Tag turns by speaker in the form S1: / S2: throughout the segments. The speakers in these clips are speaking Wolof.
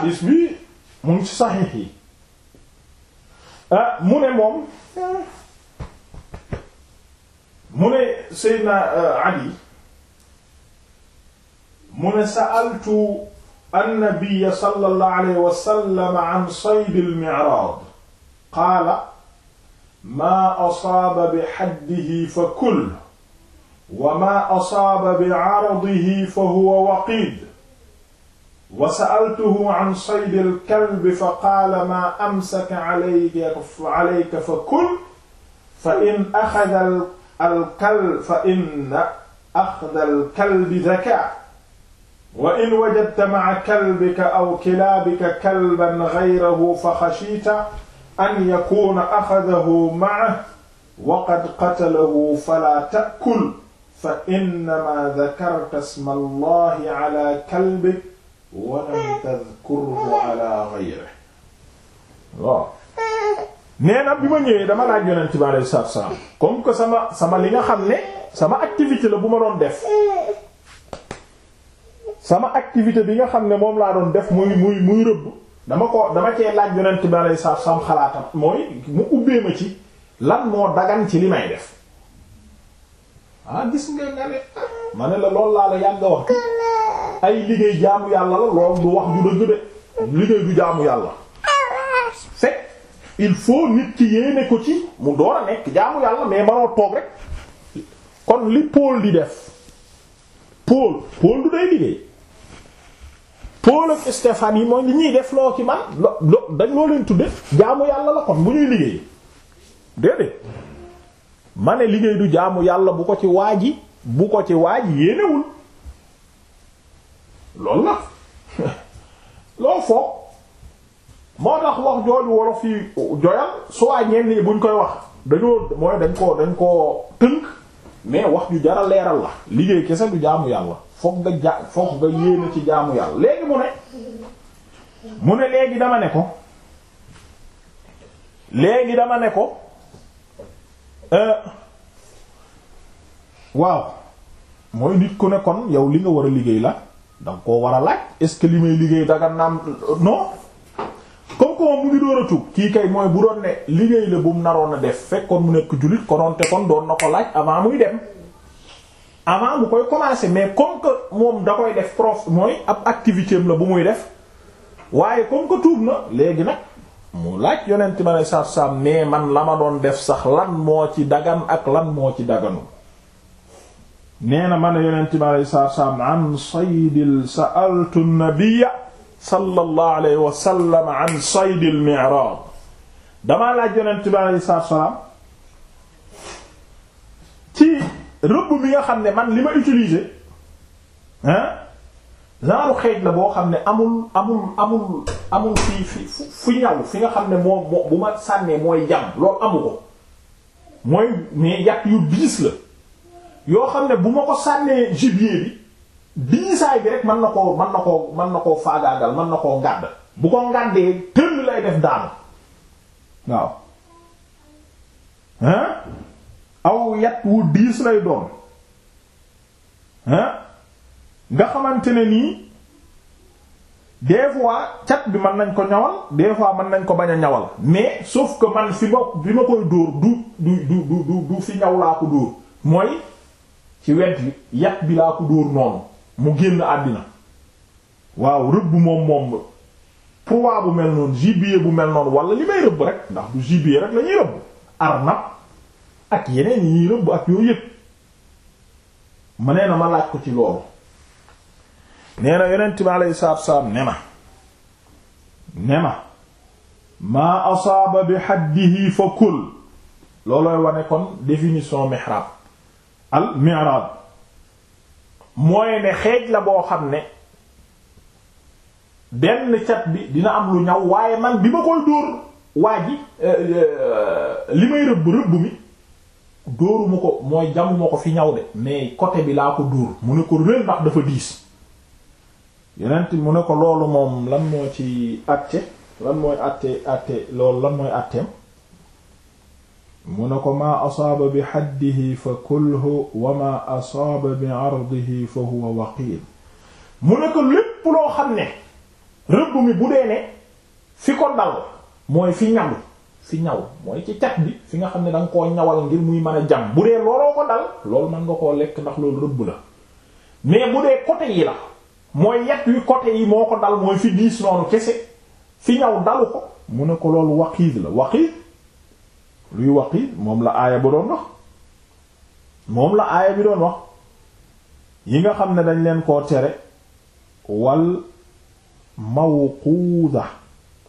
S1: xadis bi mu ngi ci saxiix yi ah, mu ne moom mu ne Seydina euh, Ali mu ne sa'altu annabiyya sallallahu alayhi wa sallam an sayd al-mi'raad qaala maa asaaba bi haddihi fa kul wa maa asaaba bi aradihi fa huwa waqiid wa sa'altuhu an saydi al-kalbi fa qaala maa amsaka alayka alayka fa kul fa in axada al-kalb fa inna axda al-kalbi zakaa wa in wajadta ma'a kalbika aw kilaabika kalban ghayrahu fa xashiita an yakuuna axadahu ma'ahu wa qad qatalahu falaa ta'kul fa innamaa dhakarta isma Allahi alaa kalbika walam tadkurhu waaw nee bi ma ñëwee dama laaj yonent bi alayhi salaatu comme que sama sama li nga xam ne sama activité la bu ma doon def sama activité bi nga xam ne moom laa doon def muy muy muy rëbb dama ko dama cee laaj yonent bi alayhi salaatu xalaatam mooy mu ubbee ma ci lan moo dagan ci li may def ah gis nga nga ne ah, ma ne la loolu laa la yàgg a wax ay liggéey jaamu yàlla la loolu du wax ju dëgg de liggéey du jaamu yàlla fekk il faut nit ki yéene ko ci mu doon a nekk jaamu yàlla mais manoo toog rek kon li Paul di def Paul Paul du day liggéey Paul ak Stéphane yi mooy li ñuy def loo ci man lo dañ loo leen tudde jaamu yàlla la kon bu ñuy liggéey déedéet ma ne liggéey du jaamu yàlla bu ko ci waaji bu ko ci waaji yéenewul loolu na loolu foog moo tax wax jooju wolof yi joyal soit ñenn yi buñ koy wax dañoo mooy dañ ko dañ ko tënk mais wax ju jara leeral la liggéey kese du jaamu yàlla foog nga ja foog nga yéene ci jaamu yàlla léegi mu ne mu ne léegi dama ne ko léegi dama ne ko euh, waaw mooy nit ku ne kon yow li nga war a liggéey la danga koo war a laaj est que li may liggéey daga naam non comme moom mu ngi door a tub kii kay mooy bu doon ne liggéey la bu mu naroon a def fekkoon mu nekk jullit konoon te kon doon na ko laaj avant muy dem avant mu koy commencer mais comme que moom da koy def prof mooy ab activité am la bu muy def waaye comme que tuub na léegi nag mu laaj yonent ma ne saab saab mais man la ma doon def sax lan moo ci dagan ak lan moo ci daganu nee na man yonent bi alayhi salaatu wa salaam an saydil sa'altu nabiyya sallallahu alayhi wa sallam damaa laaj yonent bi alayhi salaam ci rëbb bi nga xam ne man lima ma utiliser hein laaru xeej la boo xam ne amul amul amul amul fi fi fi nga xam ne moo moo bu ma sànnee mooy jam loolu amu ko mooy mais yàq yu biis la yoo xam ne bu ma ko sànnee gibier bi diisaay bi rek mën na koo mën na koo mën na koo faagaagal mën na koo ngàdd bu ko ngàddee tëll lay def daanu waaw hein aw yat wu diis lay doon hein nga xamante ne nii des fois cat bi mën nañ ko ñawal des fois mën nañ ko bañ a ñawal mais sof ko man fi ma bi ma koy dóor du du du du du fi ñaw laa ko dóor mooy ci wet wi bi laa ko dóor noonu mu génn àddina waaw rëbb moom moom proie bu mel noonu gibier bu mel noonu wala li may rëbb rek ndax du gibier rek la ñuy rëbb arnab ak yeneen yi ñuy rëbb ak yooyu yëpp ma nee na ma laaj ko ci loolu nee na yonent bi aleyhi salaatu salaam ne na ne ma maa asaaba bi xaddihi fa kul loolooy wane kon définition mihrab al mi'raj mooy ne xeej la boo xam ne benn cat bi dina am lu ñaw waaye man bi ma koy dóor waa ji euh, euh, li may rëbb rëbb mi dóoruma ko mooy jamuma ko fi ñaw de mais côté bi laa ko dóor mu ne ko rël ndax dafa diis yeneen mu ne ko loolu moom lan moo ci àtte lan mooy àtte àtte loolu lan mooy àtteem mu ne ko maa asaaba bi xaddihi fa kulhu wa maa asaaba bi ardihi fa huwa waqiil mu ne ko lépp loo xam ne rëbb mi bu dee ne fi ko dal mooy fi ñaw fi ñaw mooy ci cat bi fi nga xam ne danga koo ñawal ngir muy mën a jam bu dee looloo ko dal loolu mën nga koo lekk ndax loolu rëbb la mais bu dee côté yi la mooy yet wi côté yi moo ko dal mooy fi diis noonu kese fi ñaw dalu ko mu ne ko loolu waqiil la waqiil luy wax waqi moom la aaya ba doon wax moom la aaya bi doon wax yi nga xam ne dañ leen koo tere wal mawquuda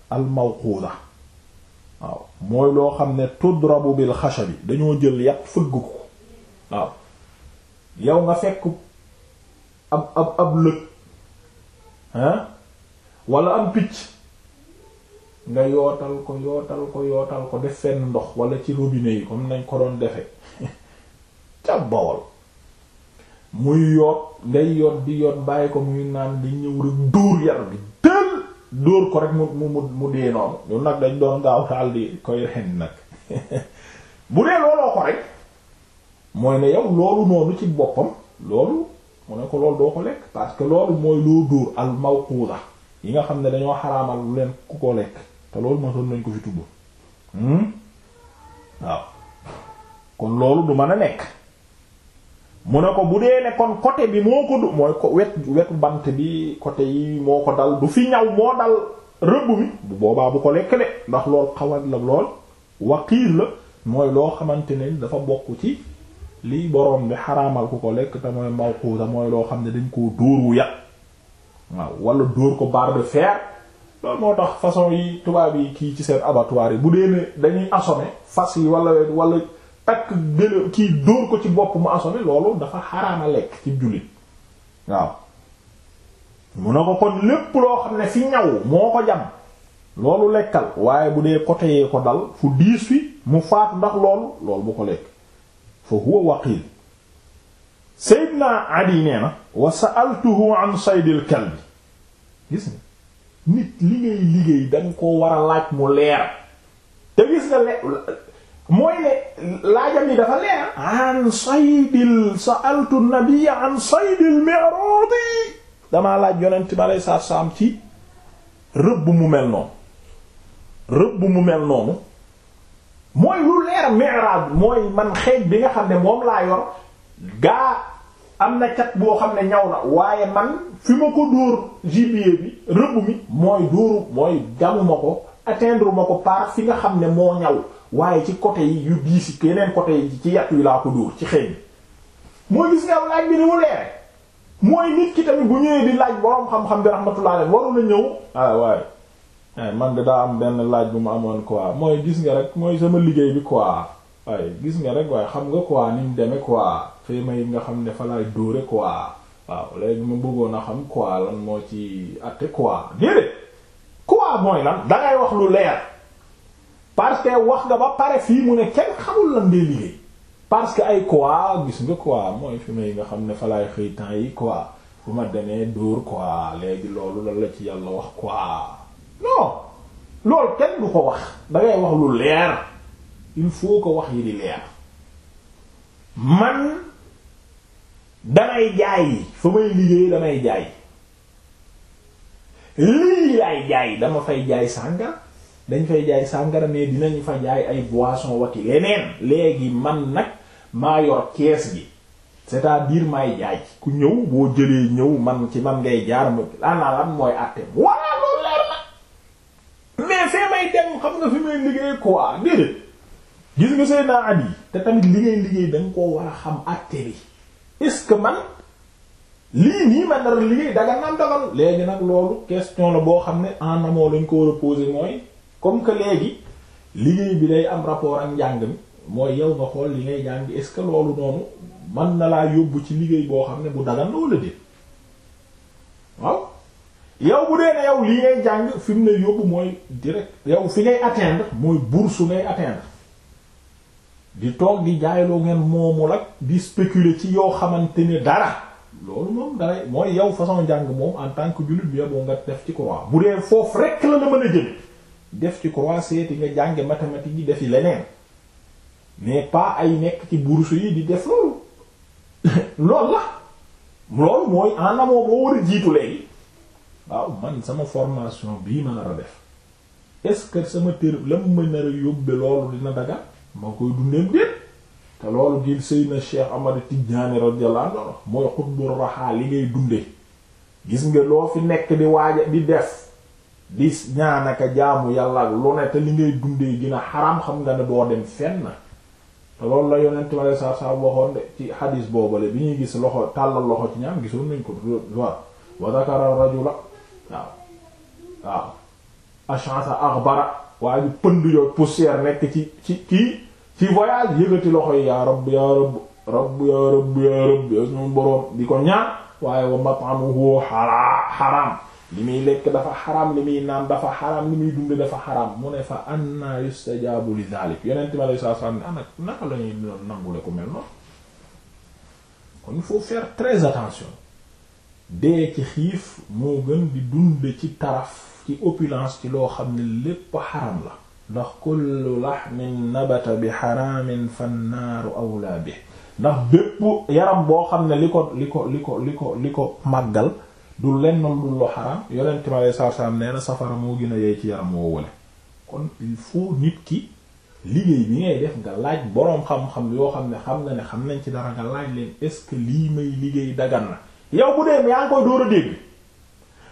S1: al mawquuda waaw mooy loo xam ne tudrabu bil xashabi dañoo jël yàq fëgg ko waaw yow nga fekk ab ab ab lëg hein am picc nga yootal ko yootal ko yootal ko def fenn ndox wala ci robinet yi comme nañ ko doon defe ca Bawol muy yoot ngay yoot di yoot bàyyi ko muy naan di ñëw rek dóor yar ko rek mu mu nag dañ doon gaaw daal di koy rendi nag bu dee looloo ko rek mooy ne yow loolu noonu ci boppam loolu mu ne ko loolu doo ko lekk parce que loolu mooy loo dóor al mawquda yi nga xam ne dañoo xaraamal lu leen ku ko lekk te loolu mosoon nañ ko fi tudd hmm? waaw kon loolu du man a nekk mu ne ko bu dee ne kon côté bi moo ko du mooy ko wet wetu bant bi côté yi moo ko dal du fi ñaw moo dal rëbb mi bu boobaa bu ko lekk de ndax lool xawat la lool waqiil la mooy loo xamante ne dafa bokk ci liy boroom bi xaraamal ku ko lekk te mooy mawquuta mooy loo xam ne dañ koo dóor wu yàq waaw wala dóor ko barre de fer loolu moo tax façon yi tubaab yi kii ci seen abattoir yi bu dee ne dañuy assommé fas yi wala wala takk gëlëm kii dóor ko ci bopp mu assommé loolu dafa xaraama lekk ci jullit waaw mun na ko kon lépp loo xam ne fi ñaw moo ko jam loolu lekkal waaye bu dee côté yee ko dal fu diis fi mu faatu ndax loolu loolu bu ko lekk fa huwa waqil Seydina Adi nee na wa sa'altuhu an saydil kalbi gis nit li ngay liggéey danga ko war a laaj mu leer te gis nga le mooy ne laajam yi dafa leer an saydil sa'altu nabiyya an saydil mi'rad damaa laaj yonent bi aleyhi salaatu ci rëbb mu mel noonu rëbb mu mel noonu mooy lu leer mi'rad mooy man xeej bi nga xam ne moom laa yor gaa am na cat boo xam ne ñaw na waaye man fi ma ko dóor gibier bi rëbb mi mooy dóoru mooy damuma ko atteindre ma ko par fi nga xam ne moo ñaw waaye ci côté yi yu diisi yeneen côté yi ci yàtt yi laa ko dóor ci xëy mooy gis nga laaj bi ni mu leere mooy nit ki tamit bu ñëwee di laaj borom xam-xam bi rahmatullah alayhi waru ñëw ah waaye eh, man de daa am benn laaj bu mu amoon quoi mooy gis nga rek mooy sama liggéey bi quoi waaye gis nga rek waaye xam nga quoi ni mu demee quoi film yi nga xam ne fa laay dóore quoi waaw léegi ma bëggoon a xam quoi lan moo ci àtte quoi déedéet quoi mooy lan da wax lu leer parce que wax nga ba pare fii mu ne kenn xamul lan ngay liggéey parce que ay quoi gis nga quoi mooy film yi nga xam ne fa laay xëy temps yi quoi bu ma demee dóor quoi léegi loolu lan la ci yàlla wax quoi non loolu kenn du ko wax da wax lu leer. il faut que wax yi di leer man damay jaay fa may liggéey damay jaay lii laay jaay dama fay jaay sàngara dañ fay jaay sàngara mais dinañ fa jaay ay boisson waki leneen léegi man nag mayor yor kees gi cest à may jaay ku ñëw boo jëlee ñëw man ci man ngay jaar ma ana ah, lan mooy àtte walla loolu leer mais fee may dem xam nga fi may liggéey quoi déedéet gis nga naa at yi te tamit li ngay liggéey da koo war a xam àtte bi ce que man lii nii man dara liggéey daga naan dagal léegi nag loolu question la boo xam ne en lañ ko war a poser mooy comme que léegi liggéey bi day am rapport ak njàng mi mooy yow nga xool li ngay jàng est-ce que loolu noonu man na laa yóbbu ci liggéey boo xam ne bu dagan loola dé waaw yow bu dee ne yow li ngay jàng fi mu ne yóbbu mooy direct yow fi ngay atteindre mooy bourse ngay atteindre di toog di jaayloo ngeen moomu ak di spéculer ci yoo xamante ni dara loolu moom dara mooy yow façon jàng moom en tant que jullit bi boo nga def ci croix bu dee foofu rek la la mën a jël def ci croix seeti nga jànge mathématique yi defi leneen mais pas ay nekk ci bourse yi di def loolu loolu la loolu mooy en amont boo war a jiitu léegi waaw man sama formation bii ma nar a def est-ce que sama tér lam ma nar a yóbbe loolu dina daga moo koy dundeem déet te loolu gil Seydina Cheikh Ahmad Tidiane radiyallahu anhu mooy xutbu raxaa li ngay dunde gis nga loo fi nekk di waaja di def di ñaanaka jaamu yàlla ak lu ne li ngay dundee gën a xaram xam nga ne doo dem fenn te loolu la yonent ma saa saa waxoon de ci xadiis boobale bi ñuy gis loxo tàllal loxo ci ñaan gisoon nañ ko wa zakara rajula waaw waaw ash'asa aghbara waaye pënd yooyu poussière nekk ci ci kii ci voyage yëgati loxo yi yaa rabb yaa rabb rabb yaa rabb yaa rabb yaa suñu boroom di ko ñaan waaye wa mat'amuhu xaraam li muy lekk dafa xaraam li muy naan dafa xaraam li muy dund dafa xaraam mu ne fa anna yustajaabu li daalik yonent mi alayhi salaam ne naka la nangule ko mel noonu kon il faut faire très attention dee ci xiif moo gën di dund ci taraf ci opulence ci loo xam ne lépp xaram la ndax kullu laxmin nabata bi xaraamin fannaaru awlaa bi ndax bépp yaram boo xam ne li ko li ko li ko li ko maggal ko màggal du lenn lu lu xaraam yolente mi alei moo gën a yey ci yaram woo wale nit ki liggéey bi ngay def nga laaj boroom xam-xam yoo xam ne xam nga ne xam nañ ci dara nga laaj leen est lii may liggéey dagan na yow bu dee yaa ngi koy dóor a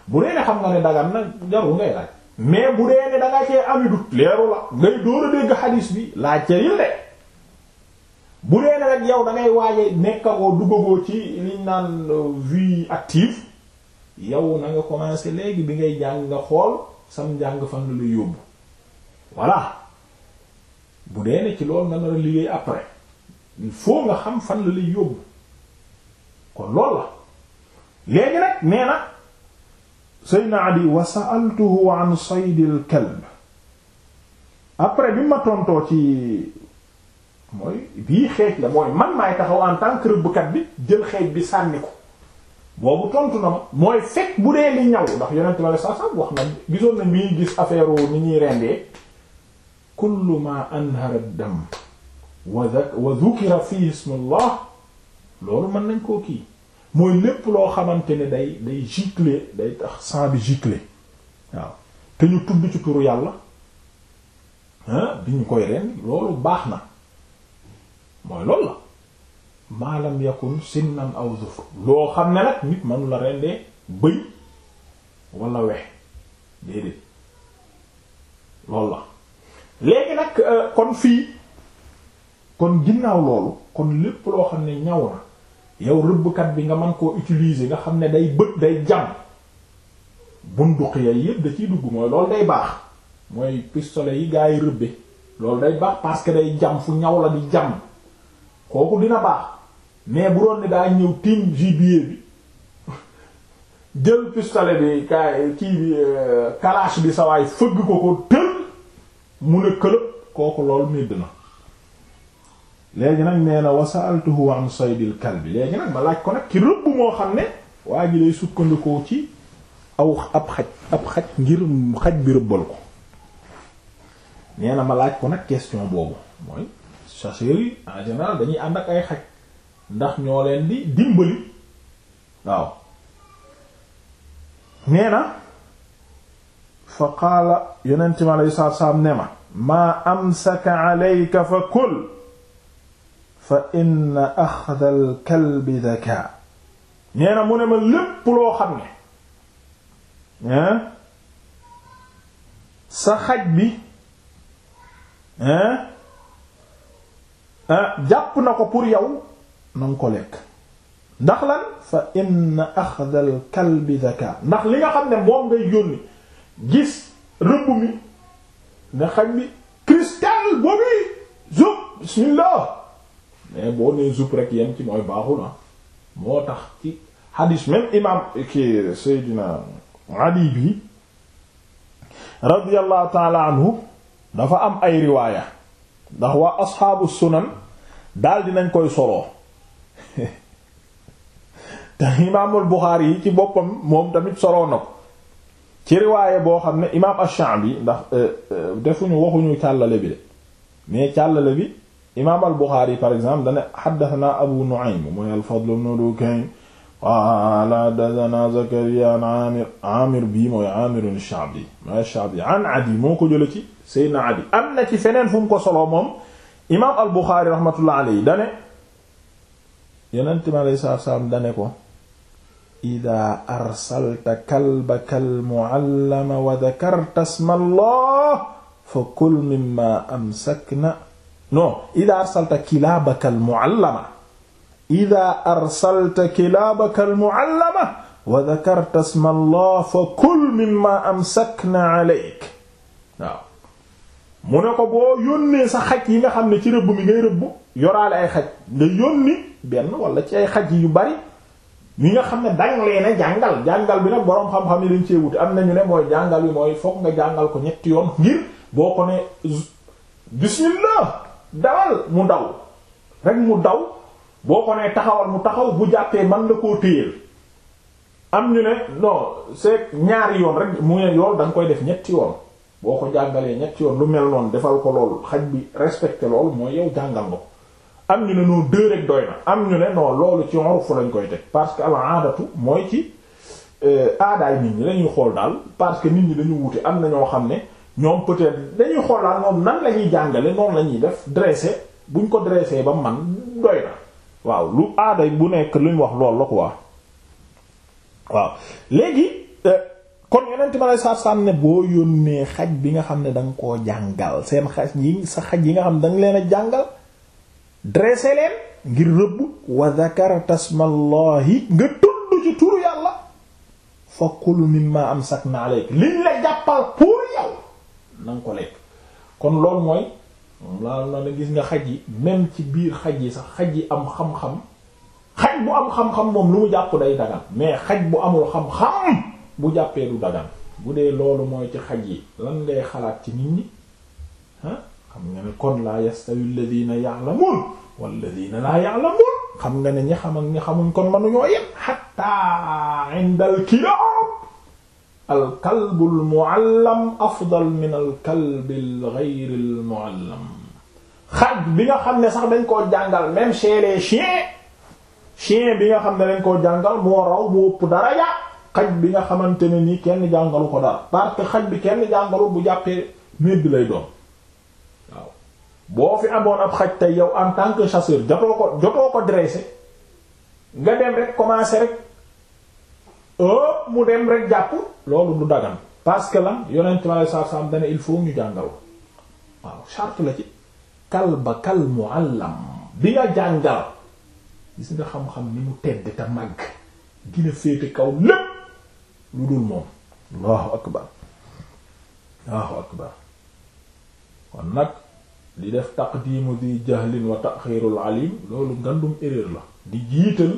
S1: bu dee xam nga ne dagan na jarul ngay laaj mais bu dee ne da nga cee ami dut leeru la ngay dóor a dégg xadiis bi laaj ca yil de bu dee ne rek yow da ngay waaje nekkagoo duggagoo ci naan euh, vie active yow na nga commencé léegi bi ngay jàng nga xool sam njàng fan la lay yóbbu voilà bu dee ne ci loolu nga nar liggéey après il faut nga xam fan la lay yóbbu kon lool la léegi nag nee na Seydina Ali wa sa'altuhu an saydil kalb après bi ma tontoo ci mooy bii xeej la mooy man maay taxaw en tant que rëbbkat bi jël xeej bi sànni ko boobu tontu na ma mooy fekk bu dee li ñaw ndax yonent ma la sax sax wax na gisoon na mii gis affaire ni ñuy rendee kullu ma anhara dam wa dhukira fihi ismullah loolu mën nañ koo kii mooy lépp loo xamante ne day day gicler day tax sang bi gicler waaw te ñu tudd ci turu yàlla ah bi ñu koy ren loolu baax na mooy loolu la maalam yakun sinnam aw zufr loo xam ne nag nit mënu la rendee bëy wala wex déedéet loolu la léegi nag euh, kon fii kon ginnaaw loolu kon lépp loo xam ne ñaw na yow rëbbkat bi nga man koo utiliser nga xam ne day bët day jam bunduq ya yëpp da ciy dugg mooy loolu day baax mooy pistolet yi gaa yi rëbbe loolu day baax parce que day jam fu ñaw la di jam kooku dina baax mais bu doon ne daa ñëw tiim gibier bi jël pistolet bi ka kii bi euh, kalaas bi sawaay fëgg ko ko tël mu ne këlëb kooku lool medd na léegi nag nee na wasaltuhu an saydil kalbi léegi nag ma laaj ko nag ci rëbb moo xam ne waa ji sukkandikoo ci aw ab xaj ab xaj ngir xaj bi rëbbal ko nee ma laaj ko nag question boobu mooy chasseurs yi en général dañuy ànd ak ay xaj ndax ñoo leen di dimbali waaw nee fa qaala yonent mi alayhi salaatu salaam ne ma maa amsaka alayka fa kul fa inna axda al kalbi daka nee na mu ne ma lépp loo xam ne sa xaj bi hein jàpp na ko pour yow na nga ko lekk ndax lan fa inna axda al kalbi daka ndax li nga xam ne moom ngay yónni gis rëbb mi nga xaj bi cristal boobu bismillah mais boo nee zup rek yem ci mooy baaxul ah moo tax ci hadis même imam Seydina Ali bi radiyallahu taala anhu dafa am ay riwaaya ndax waa asxaabu sunan di nañ koy soloo te imaamul Buxaari yi ci boppam moom tamit soloo na ko ci riwaaya boo xam ne imaam ash bi ndax euh, euh, defuñu waxuñu càllale bi de mais càllale bi imaam al-Buxaari par exemple dane xaddasanaa Abu Nu'aym mooy al-Fadl ibn Dukayn qaala haddasanaa Zakariyaa an Aamir Aamir bii mooy Aamir ash-Sha'bi mooy ash-Sha'bi an Adiy moo ko jële ci Seydina Adiy am na ci feneen fu mu ko soloo moom imaam al-Buxaari rahmatullahi alayhi dane Yonent mi alayhi salaatu wa salaam dane ko idaa arsalta kalbaka al-mu'allama wa dhakarta isma Allah fa kul mimmaa amsakna idaa ida arsalta kilaabaka almuallama ida arsalta kilaabaka almuallama wa dakarta sma allah fa kul mimma amsakna aleyk waaw mu ne ko boo yónnee sa xaj yi nga xam ne ci rëbb mi ngay rëbb yoraale ay xaj nga yónni benn wala ci ay xaj yu bari yi nga xam ne dang leen a jàngal jàngal bi nag boroom xam-xam yi dañ cee wuti am nañu ne mooy jàngal bi mooy fokk nga jàngal ko ñetti yoon ngir boo ko ne bismillah dawal mu daw rek mu daw boo ko nee taxawal mu taxaw bu jàppee man la koo téyeel am ñu ne non c'est ñaari yoon rek mu yoon yool koy def ñetti yoon boo ko jàngalee ñetti yoon lu mel noonu defal ko loolu xaj bi respecté loolu mooy yow jàngal nga ko am ñu ne non deux rek doy na am ñu ne non loolu ci urfu lañ koy teg parce que al aadatu mooy ci euh, aadaay nit ñi lañuy xool daal parce que nit ñi dañu wute am na ñoo xam ne ñoom peut-être dañuy xoolaat ñoom nan la jàngale noonu la ñuy def dressé buñ ko dressé ba man doy na waaw lu aaday bu nekk luñ wax lool la quoi waaw léegi euh, kon yonent ma lay boo yónnee xaj bi nga xam ne da nga koo jàngal seen xaj yi sa xaj yi nga xam ne da leen a jàngal dressé leen ngir rëbb wa zakara tasmallahi nga tudd ci turu yàlla fa kulu mimma amsakna alayk liñ la jàppal pour yow na ko lekk kon loolu mooy laa na gis nga xaj yi même ci biir xaj yi sax xaj yi am xam-xam xaj bu am xam-xam moom lu mu jàpp day dagan mais xaj bu amul xam-xam bu jàppee du dagan bu dee loolu mooy ci xaj yi lan ngay xalaat ci nit ñi xam nga ne kon laa yastawi alladhina ya'lamun walladhina laa ya'lamun xam nga ne ñi xam ak ñi xamuñ kon mënuñoo yem hatta 'inda al-kiram al kalbul muallam afdal min al kalbil ghayril xaj bi nga xam ne sax dañ koo jàngal même chez les chiens chien bi nga xam ne dañ koo jàngal moo raw moo ëpp daraja xaj bi nga xamante ne nii kenn jàngalu ko dara parce xaj bi kenn jàngalu bu jàppee néeg bi lay doon boo fi amoon ab xaj tey yow en tant que chasseur jotoo ko jotoo ko dressé nga dem rek commencer rek. oh mu dem rek jàpp loolu du dagan parce que yonent mi alei satu salaam dana il faut ñu jàngal waaw charte la ci kal ba kal muallam bi nga jàngal gis nga xam-xam ni mu tedd te màgg gina féete kaw lépp lu dul moom allahu akbar allahu akbar kon nag di def taqdimu di jahlin wa taxirul alim loolu ngandum erreur la di jiital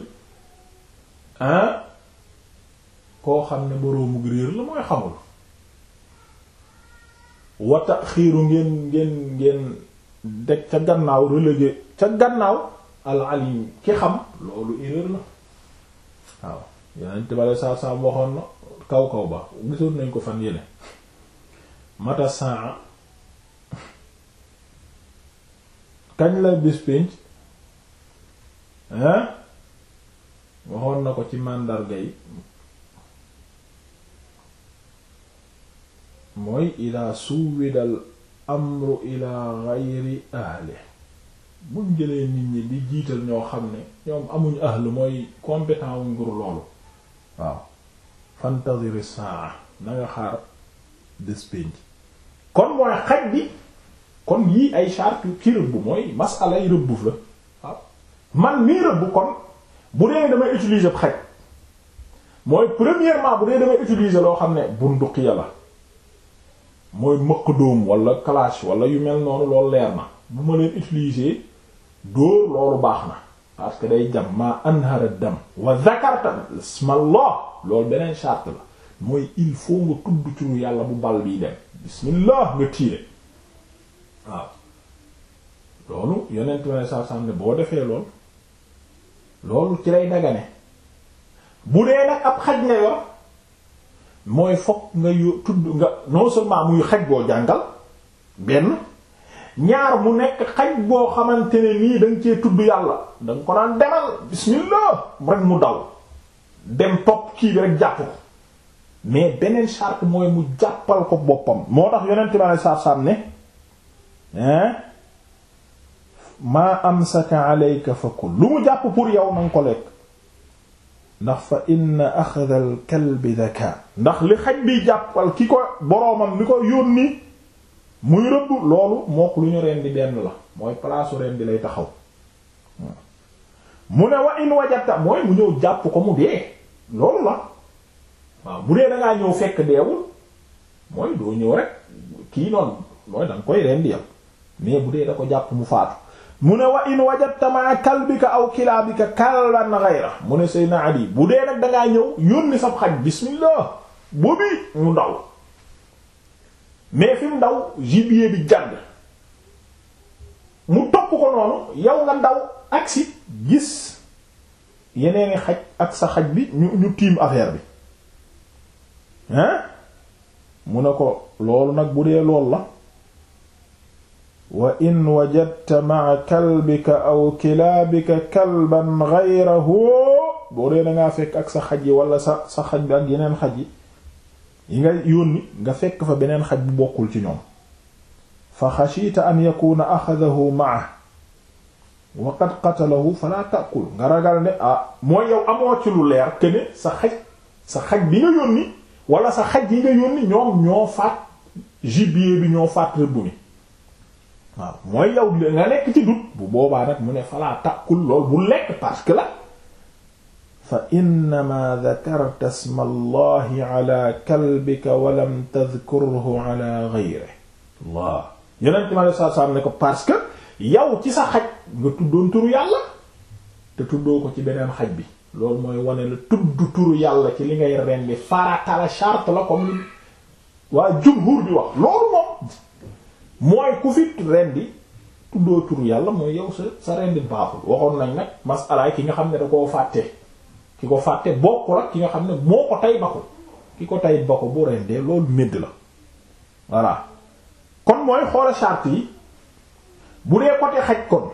S1: koo xam ne boroomu réer la mooy xamul wata xiiru ngeen ngeen ngeen deg ca gannaaw relégué ca gannaaw al alim xam loolu erreur la waaw yeneen tibale saa saa waxoon na kaw kaw ba gisoon nañ ko fan yële mata saa kañ la bis hein waxoon na ko ci màndarga yi mooy ila suwidal amru ila ghayri ahli buñ jëlee nit ñi di jiital ñoo xam ne ñoom amuñ ahlu mooy compétent u ngir loolu waaw fantaziri saa na xaar des penc kon mooy xaj bi kon yii ay charte ci rëbb mooy masala yi rëbbuf la waaw man mii rëbb kon bu dee damay utiliser xaj mooy premièrement bu dee damay utiliser loo xam ne bunduqiya la mooy mëq dóom wala clash walla yu mel noonu loolu leer na bu ma leen utiliser dóor loolu baax na parce que day jam ma anhara dam wa zakarta bismallah loolu beneen charte la mooy il faut nga tudd turu yàlla bu bal biy dem bismillah nga tiire waaw loolu yeneen na sax ne boo defee lool loolu ci lay dagane bu dee nag ab xaj nga yor mooy fokk nga yo- tudd nga non seulement muy xaj boo jàngal benn ñaar mu nekk xaj boo xamante ne nii da cee tudd yàlla da ko naan demal bismillah rek mu dal dem topp kii bi rek jàpp ko mais beneen charte mooy mu jàppal ko boppam moo tax yonent bi alei satu salaam ne hein maa amsaka alayka fa kul lu mu jàpp pour yow na nga ko lekk ndax fa inna axada al kalbi daka ndax li xaj bi jàppal ki ko boroomam li ko yónni muy rëbb loolu mook lu ñu rendi benn la mooy palaasu rendi lay taxaw mu ne wa in wajata mooy mu ñëw jàpp ko mu dee loolu la waaw bu dee da ngaa ñëw fekk deewul mooy doo ñëw rek kii noonu mooy da koy rendi yam mais bu dee da ko jàpp mu faatu mu ne wa in wajadta maa kalbika aw kilaabika kalban ghayra mu ne Seydina Ali bu dee nag dangaa ñëw yónni sab xaj bismillah boobi mu ndaw mais fi mu ndaw gibier bi jàdd mu topp ko noonu yow nga ndaw agsi gis yeneeni xaj ak sa xaj bi ñu ñu tiim affaire bi hein mu ne ko loolu nag bu dee lool la wa in wajadta ma'a kalbika aw kilaabika kalban ghayrahu boo dee dangaa fekk ak sa xaj yi wala sa sa xaj bi ak yeneen xaj yi yi nga yónni nga fekk fa beneen xaj bu bokkul ci ñoom fa xashiita an yakuna axadahu ma'a ah, ci lu leer que ne sa xaj sa bi nga yónni wala sa xaj yi nga yónni ñoom ñoo faat gibier bi ñoo faat rëbb ni waaw mooy yow nga nekk ci dut bu boobaa mu ne falaa takkul lool bu lekk parce que la fa innama dakarta sma allahi ala kalbika walam ci ko parce que yow ci sa xaj nga tuddoon turu yàlla te tuddoo ko ci beneen xaj bi loolu mooy wane la tudd turu yàlla ci li ngay rendi farata la charte la comme li waa jumhur bi wax loolu moom mooy ku fit rendi tuddoo tur yàlla mooy yow sa sa rendi baaxul waxoon nañ nag masalaay ki nga xam ne da koo fàtte ki ko fàtte bokkul ak ki nga xam ne moo ko tay ba ko ki ko tay ba ko bu rendee loolu médd la voilà kon mooy xoola charte yi bu dee côté xaj kon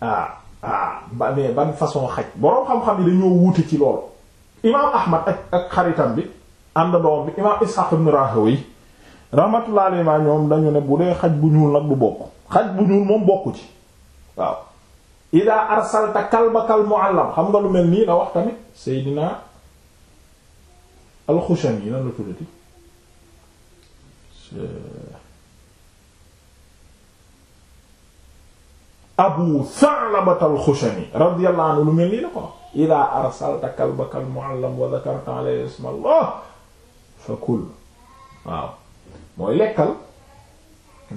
S1: ah ah ba mais ban façon xaj boroom xam-xam yi dañoo wuute ci loolu imaam Ahmad ak ak xaritam bi ànd doom bi imaam Ishaq ibn Rahowi rahmatullah alayhi ñoom dañu ne bu dee xaj bu ñuul nag du bokk xaj bu ñuul moom bokku ci waaw ida arsalta kalbakal muallam xam nga lu mel nii la wax tamit seydina alxushani yi nan la abu Sa'labat al-Khushani radiyallahu anhu lu mel nii la ko idaa kalbaka al wa dhakarta alayhi isma Allah fa kul mooy lekkal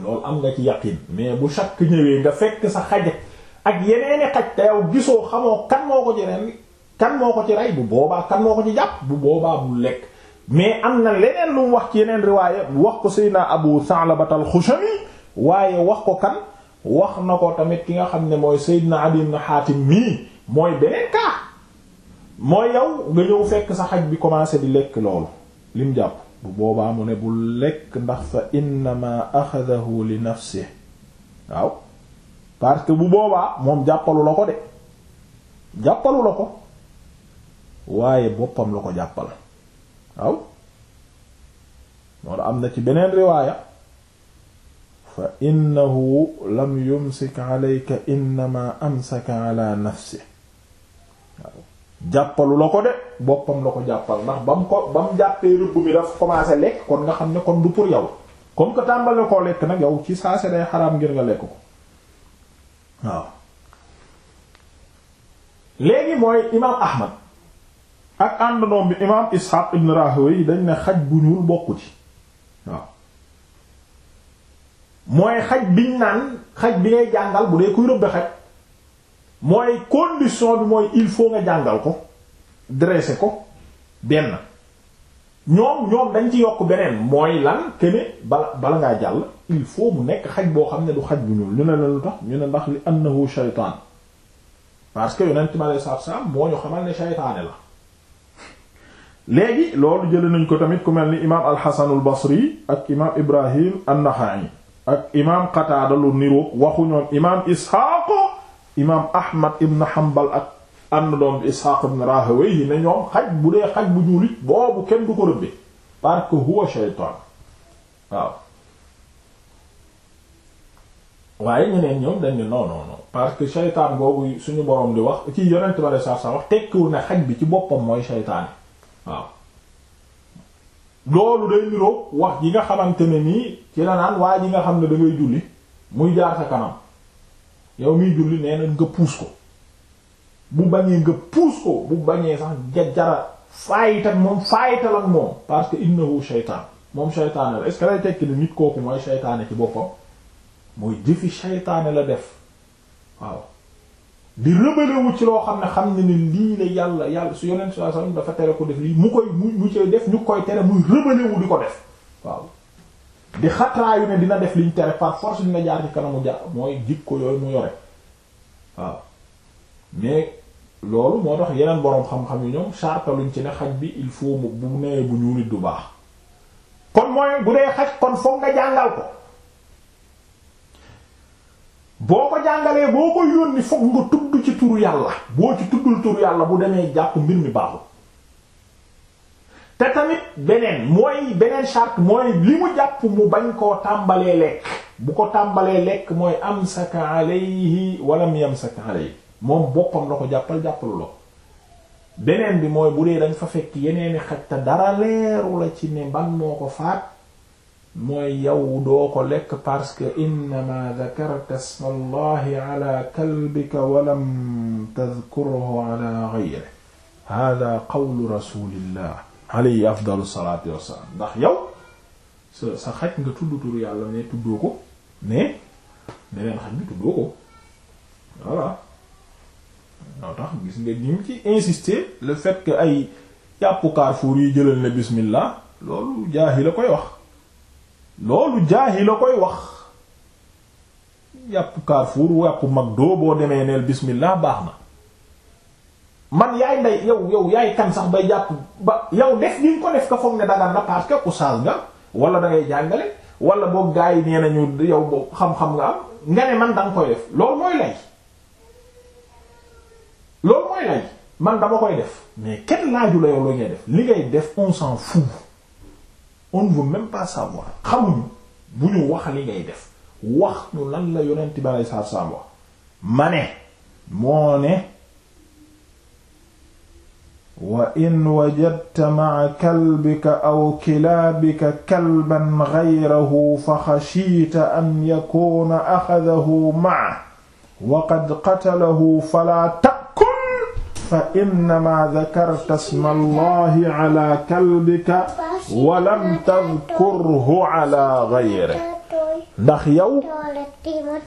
S1: loolu am nga ci yaqin mais bu chaque ñëwee nga fekk sa xaj ak yeneeni xaj te yow gisoo xamoo kan moo ko ci ren kan moo ko ci rey bu boobaa kan moo ko ci jàpp bu boobaa bu lekk mais am na leneen lu wax ci yeneen riwaaya wax ko Seydina Abu Sa'labat al-Khushani waaye wax ko kan wax na ko tamit ki nga xam ne mooy Seydina Adi ibn Hatim mii mooy beneen kaa mooy yow nga ñëw fekk sa xaj bi commencé di lekk loolu lim jàpp bu boobaa mu ne bu lekk ndax fa innama axadahu li nafsi waaw parce que bu boobaa moom jàppalu la ko de jàppalu la ko waaye boppam la ko jàppal waaw moo am na ci beneen riwaaya fa innahu lam yumsik alayka innama amsaka ala nafsi jàppalu la ko de boppam la ko jàppal ndax ba mu ko ba mu jàppee rëbb mi daf commencé lekk kon nga xam ne kon du pour yow comme que tàmbale koo lekk nag yow ci saa si day xaraam ngir nga lekk ko waaw léegi mooy imaam Ahmad ak àndandoom bi imaam Ishaq ibn Rahawayh dañ ne xaj bu ñuul bokk ci waaw mooy xaj biñ naan xaj bi ngay jàngal bu dee kuy rëbb xaj mooy condition bi mooy il faut nga jàngal ko dresser ko benn ñoom ñoom dañ ci yokk beneen mooy lan kene bala bala ngaa jàll il faut mu nekk xaj boo xam ne du xaj bu ñuul ñu ne la tax ñu ne ndax li annahu shaytaan parce que yonent mi alei satu salaam moo ñu xamal ne shaytaane la léegi loolu jële nañ ko tamit ku mel ni imaam alxasan basri ak imaam ibrahim an ak imaam qataada lu niroog waxu ñoom imaam isxaaq imaam Ahmad ibn Hanbal ak ànd doom Isxaaq ibn Rahawayh yi ne ñoom xaj bu dee xaj bu ñuul it boobu kenn du ko rëbbee parce huwa shaytaan waaw waaye ñeneen ñoom dañ ne non non non parce que shaytaan boobu suñu borom di wax ci yonent bale saa saa wax tekkiwul ne xaj bi ci boppam mooy shaytaan waaw loolu day niroog wax ji nga xamante ne nii ci la naan waa ji nga xam ne da ngay julli muy jaar sa kanam. yow miy julli nee na nga puus ko bu bañee nga puus ko bu bañee sax jajara faayital moom faayital ak moom parce que innahu shaytaan moom shaytaane la est-ce tekki ni nit kooku mooy shaytaane ci boppam mooy jëfi shaytaane la def waaw di rëbëlewu ci loo xam ne xam ne ni lii la yàlla yàlla su yonent su alayhi wasallam dafa tere ko def lii mu koy mu mu ci def ñu koy tere muy rëbëlewu di ko def waaw di xatraayu ne dina def liñ tere par force dina jaar ci kanamu jaar mooy jikko yooyu mu yore waaw mais loolu moo tax yeneen boroom xam-xam yu ñoom sarta ci ne xaj bi il faut mu bu nee bu ñuulit du baax kon mooy bu dee xaj kon foog nga jàngal ko boo ko jàngalee boo ko yónni foog nga tudd ci turu yàlla boo ci tuddul turu yàlla bu demee jàpp mbir mi baaxul te tamit beneen mooy beneen charte mooy li mu jàpp mu bañ tàmbalee lekk bu ko tàmbalee lekk mooy amsaka alayhi wala mi amsaka moom boppam la jàppal jàppalu la beneen bi mooy bu dee dañ fa fekk yeneeni xaj te dara leeru la ci ne ban ko faat mooy yow doo lekk parce que innama dakarta isma allahi ala walam tadkurhu ala ghayrihi hada qawlu rasulillah alayhi afdalu salaatu wassalaam ndax yow sa sa xaj nga tudd tur yàlla ko mais beneen xaj bi tuddoo ko tax gis nga ñu ci insister le fait que ay yàppu Carrefour yi jëlal ne bismillah loolu jaahi la koy wax loolu jaahi la koy wax yàppu Carrefour yàppu McDo boo demee neel bismillah baax na man yaay nday yow yow yaay kan sax bay jàpp ba yow def ni nga ko def ka foog ne dagan na parce que oustaz nga wala da ngay jàngale wala boo gars yi nee nañu yow boo xam-xam nga am nga ne man da koy def loolu mooy lay loolu mooy lay man dama koy def mais kenn laaju la yow la ngay def li ngay def on s'en fout on ne veut même pas savoir xamuñu bu ñu wax li ngay def wax ñu lan la yonent bi alei satu salaam wax ma ne moo ne wa in wajadta maca kalbika aw kilaabika kalban gayrahu fa xashiita an yakuuna axadahu maca wa qad qatalahu falaa takun fa innamaa dakarta sma allahi cala kalbika wa lam tadkurhu cala gayrihi ndax yow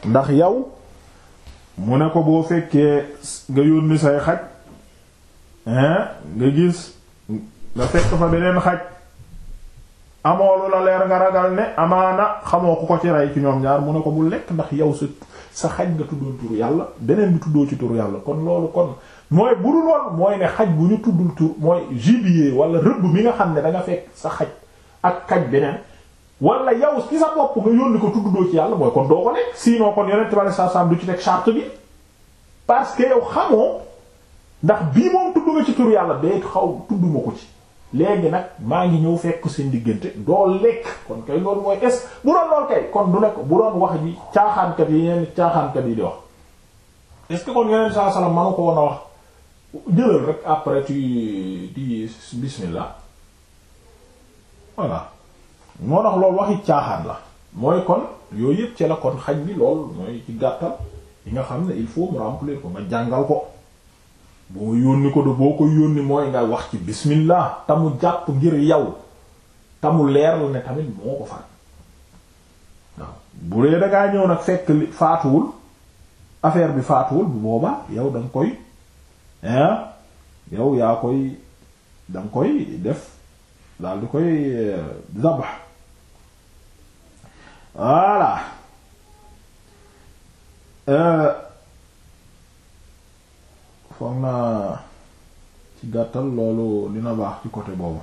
S1: ndax yow mu ne ko boo fekkee nga yónni say xaj nga gis nga fekk fa beneen xaj amoolu la leer nga ragal ne amaana xamoo ku ko ci rey ci ñoom ñaar mu ne ko bu lekk ndax yow sa sa xaj nga tuddoon turu yàlla beneen bi tuddoo ci tur yàlla kon loolu kon mooy bu dul woon mooy ne xaj bu ñu tuddul tur mooy gibier wala rëbb bi nga xam ne da fekk sa xaj ak xaj beneen wala yow ci sa bopp nga yónni ko tuddoo ci yàlla mooy kon doo ko lekk sinon kon yonent bi sallallahu alayhi wasallam du ci nekk charte bi parce xamoo. ndax bii moom tudd nga ci tur yàlla bee xaw tudduma ko ci léegi nag maa ngi ñëw fekk seen diggante doo lekk kon kay loolu mooy est bu doon lool kay kon du nekk bu doon wax ji caaxaankat yi yeneen caaxaankat yi di wax est saa salaam manu ko woon a wax jëlal rek après tu di bismillah voilà moo tax loolu caaxaan la mooy kon yooyu yëpp ci la xaj bi lool mooy ci gàttal yi nga xam ne il faut mu remplir ko jàngal ko boo yónni ko du boo ko yónni mooy nga wax ci bismillah tamu jàpp ngir yaw tamu leer la ne tamit moo ko faat bu dee dangaa ñëw nag fekk li faatuwul affaire bi faatuwul bu booba yow danga koy hein yow yaa koy danga koy def daal di koy euh, zabax voilà euh, foog naa ci gàttal loolu dina baax ci côté boobu